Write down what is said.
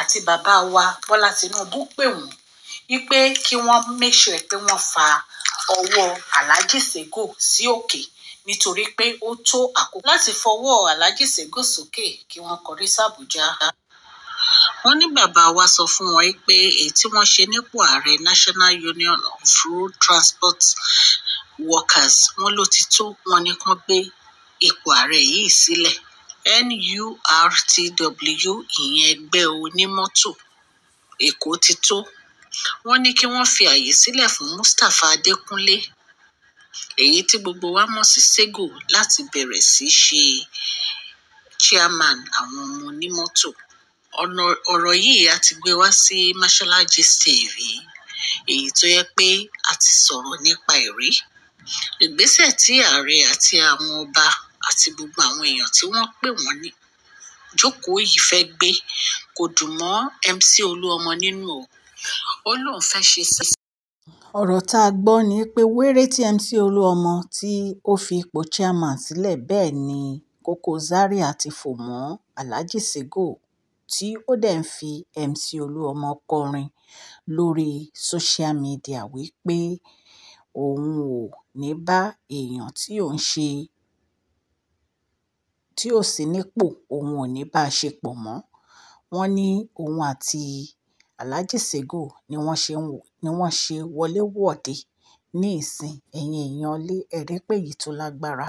àti bàbá wa Bọ́lá Tinubu pè wọ́n wípé kí wọ́n make sure pé wọ́n fa ọwọ́ Alhaji Sego sí òkè nítorí pé ó tó àkókò láti fọwọ́ Alhaji Sego sókè kí wọ́n kọrí sàbújá wọ́n ní bàbá wa sọ fún wọn pé èyí tí wọ́n ṣe nípò ààrẹ National Union of Road Transport Workers wọ́n ló ti tó wọ́n ní kán gbé ipò ààrẹ yìí sílẹ̀. Si nurtw ìyẹn ẹgbẹ́ onímọ́tò èkó ti tó wọ́n ní kí wọ́n fi ààyè sílẹ̀ fún mustapha adékúnlé èyí tí gbogbo wa mọ̀ sí sego láti bẹ̀rẹ̀ sí í ṣe chairman àwọn ọmọ onímọ́tò ọ̀rọ̀ yìí a ti gbé wá sí mashola gist tv èyí tó yẹ pé a ti sọ̀rọ̀ nípa ẹ̀ rí tí ààrẹ àti àwọn ọba àti gbogbo àwọn èèyàn tí wọ́n pè wọ́n ní jókòó yìí fẹ́ gbé kò dùn mọ́ MC Olúọmọ nínú o ó lóun fẹ́ ṣe sí. ọ̀rọ̀ tá a gbọ́ ni pé wéré tí MC Olúọmọ tí ó fi ipò chairman sílẹ̀ bẹ́ẹ̀ ni Koko Zaria ti fò mọ́ Alhaji Sego tí ó dẹ̀ ń fi MC Olúọmọ kọrin lórí social media wípé òun ò ní bá èèyàn tí òun ṣe tí ò sí nípò òun ò ní bá ṣe pọ̀ mọ́. Wọ́n ní òun àti Alhaji Sego ni wọ́n ṣe, ni wọ́n ṣe wọléwọ̀de ní ìsìn. Ẹ̀yin èèyàn ilé, ẹ rí pé èyí tó lágbára.